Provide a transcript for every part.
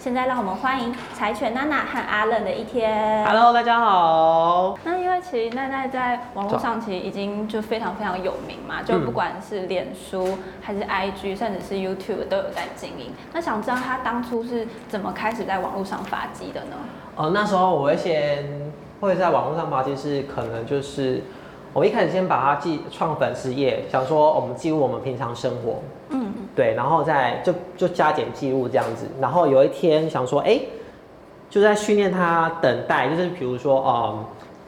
現在讓我們歡迎柴犬娜娜和阿倫的一天。Hello，大家好。那因為其實奈奈在網絡上其實已經就非常非常有名嘛，走就不管是臉書還是 IG，甚至是 YouTube 都有在經營。嗯、那想知道她當初是怎麼開始在網絡上發跡的呢？哦、呃，那時候我會先會在網絡上發跡，是可能就是我一開始先把它記創粉事頁，想說我們記錄我們平常生活。嗯對，然後再就就加減記錄這樣子。然後有一天想說，哎、欸，就在訓練它等待，就是比如說，嗯，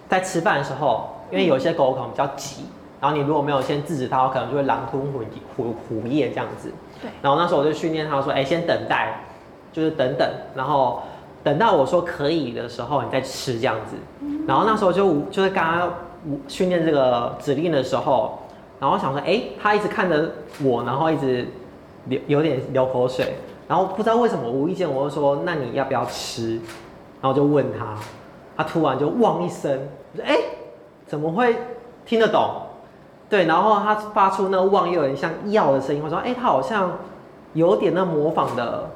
在吃飯的時候，因為有些狗可能比較急，嗯、然後你如果沒有先制止它，可能就會狼吞虎虎虎嚥這樣子。對。然後那時候我就訓練它說，哎、欸，先等待，就是等等，然後等到我說可以的時候，你再吃這樣子。嗯、然後那時候就就是剛剛訓練這個指令的時候，然後想說，哎、欸，它一直看着我，然後一直。流有點流口水，然後不知道為什麼，無意間我就說：“那你要不要吃？”然後就問他，他突然就汪一聲，我說：“哎、欸，怎麼會聽得懂？”對，然後他發出那汪，又有點像“要”的聲音，我說：“哎、欸，他好像有點那模仿的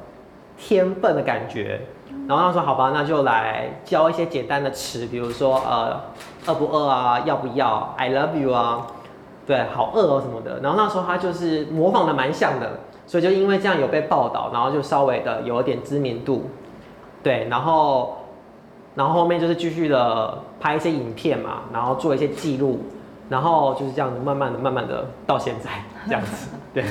天分的感覺。”然後他說：“好吧，那就來教一些簡單的詞，比如說呃，餓不餓啊？要不要？I love you 啊？對，好餓哦、啊、什麼的。”然後那時候他就是模仿的蠻像的。所以就因為這樣有被報道然後就稍微的有一點知名度，對，然後，然後後面就是繼續的拍一些影片嘛，然後做一些記錄，然後就是這樣子慢慢的、慢慢的到現在 這樣子，對，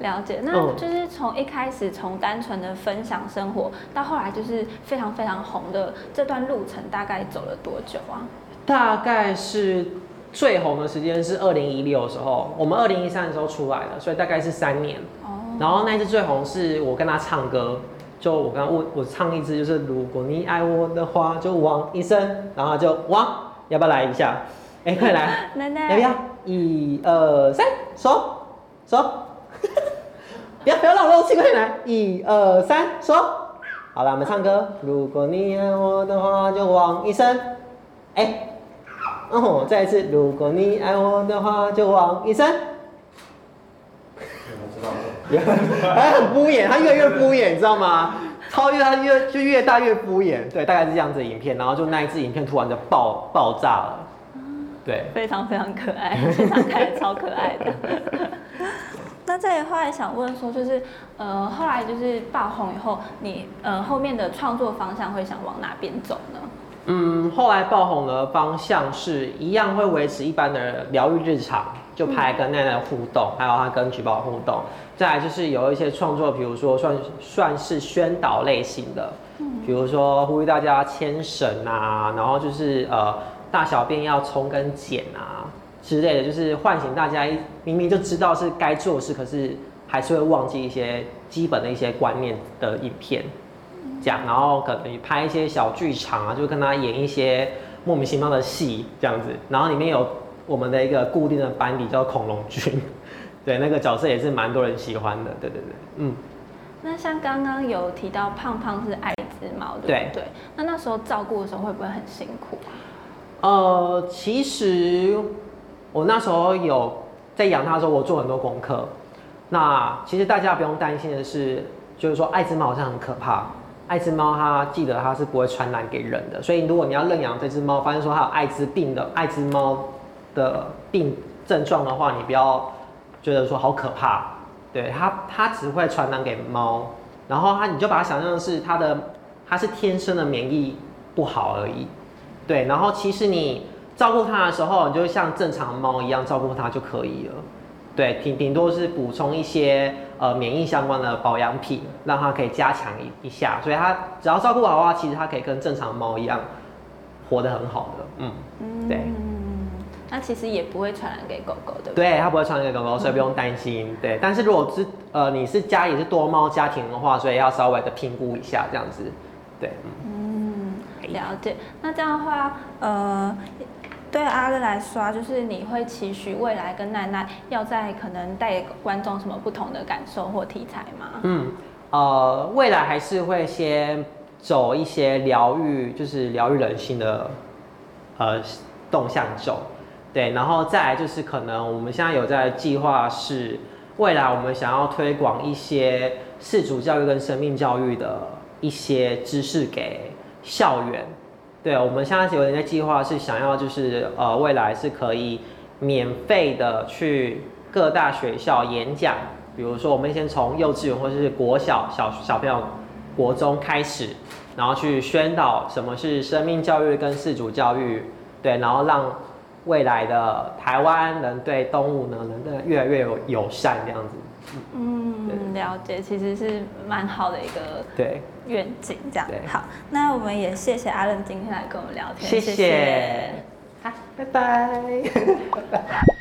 了解，那就是從一開始從單純的分享生活，到後來就是非常非常紅的這段路程，大概走了多久啊？大概是最紅的時間是二零一六的時候，我們二零一三的時候出來的，所以大概是三年。哦。然後那支最紅是我跟他唱歌，就我剛剛我，我唱一支就是如果你愛我的話就汪一聲，然後就汪，要不要來一下？哎、欸，快來，奈奈、要不要？一二三，說說呵呵，不要不要讓我漏氣，快點來，一二三，說，好啦，我們唱歌，如果你愛我的話就汪一聲，哎、欸，哦，再一次，如果你愛我的話就汪一聲。 還 很敷衍，他越來越敷衍，你知道嗎？超越他越就越大越敷衍，對，大概是這樣子的影片。然後就那一次影片突然就爆爆炸了，對，非常非常可愛，非常可愛 超可愛的。那這裡後來想問說，就是呃，後來就是爆紅以後，你呃後面的創作方向會想往哪邊走呢？嗯，後來爆紅的方向是一樣會維持一般的療癒日常。就拍跟奈奈互動，嗯、還有他跟橘寶互動，再來就是有一些創作，比如說算算是宣導類型的，比、嗯、如說呼籲大家牽繩啊，然後就是呃大小便要沖跟撿啊之類的，就是喚醒大家明明就知道是該做的事，可是還是會忘記一些基本的一些觀念的影片，這、嗯、然後可能拍一些小劇場啊，就跟他演一些莫名其妙的戲這樣子，然後裡面有。我們的一個固定的班底叫恐龍君，對，那個角色也是蠻多人喜歡的。對對對，嗯。那像剛剛有提到胖胖是艾滋貓，對對。對那那時候照顧的時候會不會很辛苦？呃，其實我那時候有在養它的時候，我做很多功課。那其實大家不用擔心的是，就是說艾滋貓好像很可怕，艾滋貓它記得它是不會傳染給人的。所以如果你要認養這隻貓，發現說它有艾滋病的艾滋貓。的病症狀的話，你不要覺得說好可怕，對，它它只會傳染給貓，然後它你就把它想象是它的，它是天生的免疫不好而已，對，然後其實你照顧它的時候，你就像正常貓一樣照顧它就可以了，對，頂頂多是補充一些呃免疫相關的保養品，讓它可以加強一下，所以它只要照顧好的話，其實它可以跟正常貓一樣活得很好的，嗯嗯，對。那其實也不會傳染給狗狗，的，對。它不會傳染給狗狗，所以不用擔心。嗯、對，但是如果是呃，你是家裡是多貓家庭的話，所以要稍微的評估一下這樣子。對，嗯,嗯，了解。那這樣的話，呃，對阿楞來說，就是你會期許未來跟奈奈要在可能帶給觀眾什麼不同的感受或題材嗎？嗯，呃，未來還是會先走一些療愈，就是療愈人心的呃動向走。對，然後再來就是可能我們現在有在計劃是，未來我們想要推廣一些飼主教育跟生命教育的一些知識給校園。對，我們現在有在計劃是想要就是呃未來是可以免費的去各大學校演講，比如說我們先從幼稚園或者是國小小小朋友、國中開始，然後去宣導什麼是生命教育跟飼主教育，對，然後讓。未來的臺灣人對動物呢，能對越來越有友善這樣子。嗯，對了解，其實是蠻好的一個對，願景這樣。對對，好，那我們也謝謝阿楞今天來跟我們聊天。謝謝。好謝，啊、拜拜，拜拜。